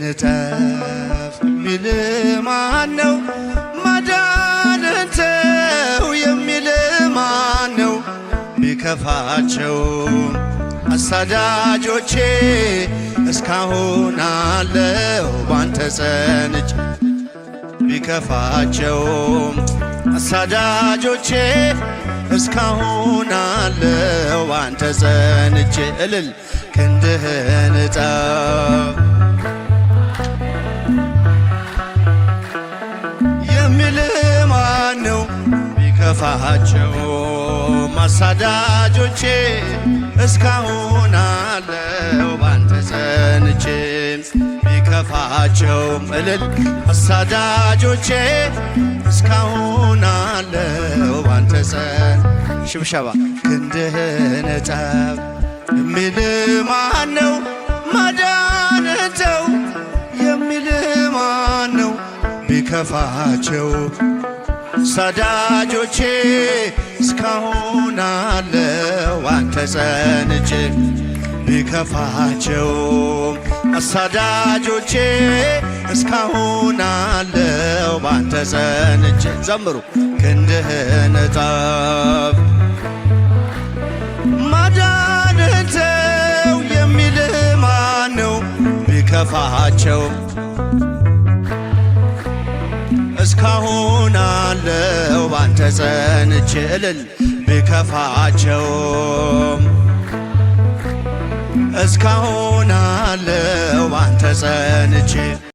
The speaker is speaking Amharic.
ንጠፍ የሚል ማን ነው? ማዳንንተው የሚል ማን ነው? ቢከፋቸው አሳዳጆቼ እስካሁን አለው ባንተ ጸንች ቢከፋቸው አሳዳጆቼ እስካሁን ባንተ ጸንቼ እልል ክንድህን ጣብ የሚል ማነው ቢከፋቸው ማሳዳጆቼ እስካሁን አለው ባንተ ጸንቼ ቢከፋቸው እልል አሳዳጆቼ እስካሁን አለው ባንተ ሽብሸባ ክንድህን ጠብ የሚል ነው ማዳንተው የሚል ነው ቢከፋቸው ሰዳጆቼ እስካሁን አለው አንተ ጸንጭ ቢከፋቸው አሳዳጆቼ እስካሁን አለው ባንተ ዘንጭ ዘምሩ ክንድህን ጠብ አይከፋቸው እስካሁን አለው ባንተ ጸንቼ እልል እስካሁን አለው ባንተ ጸንቼ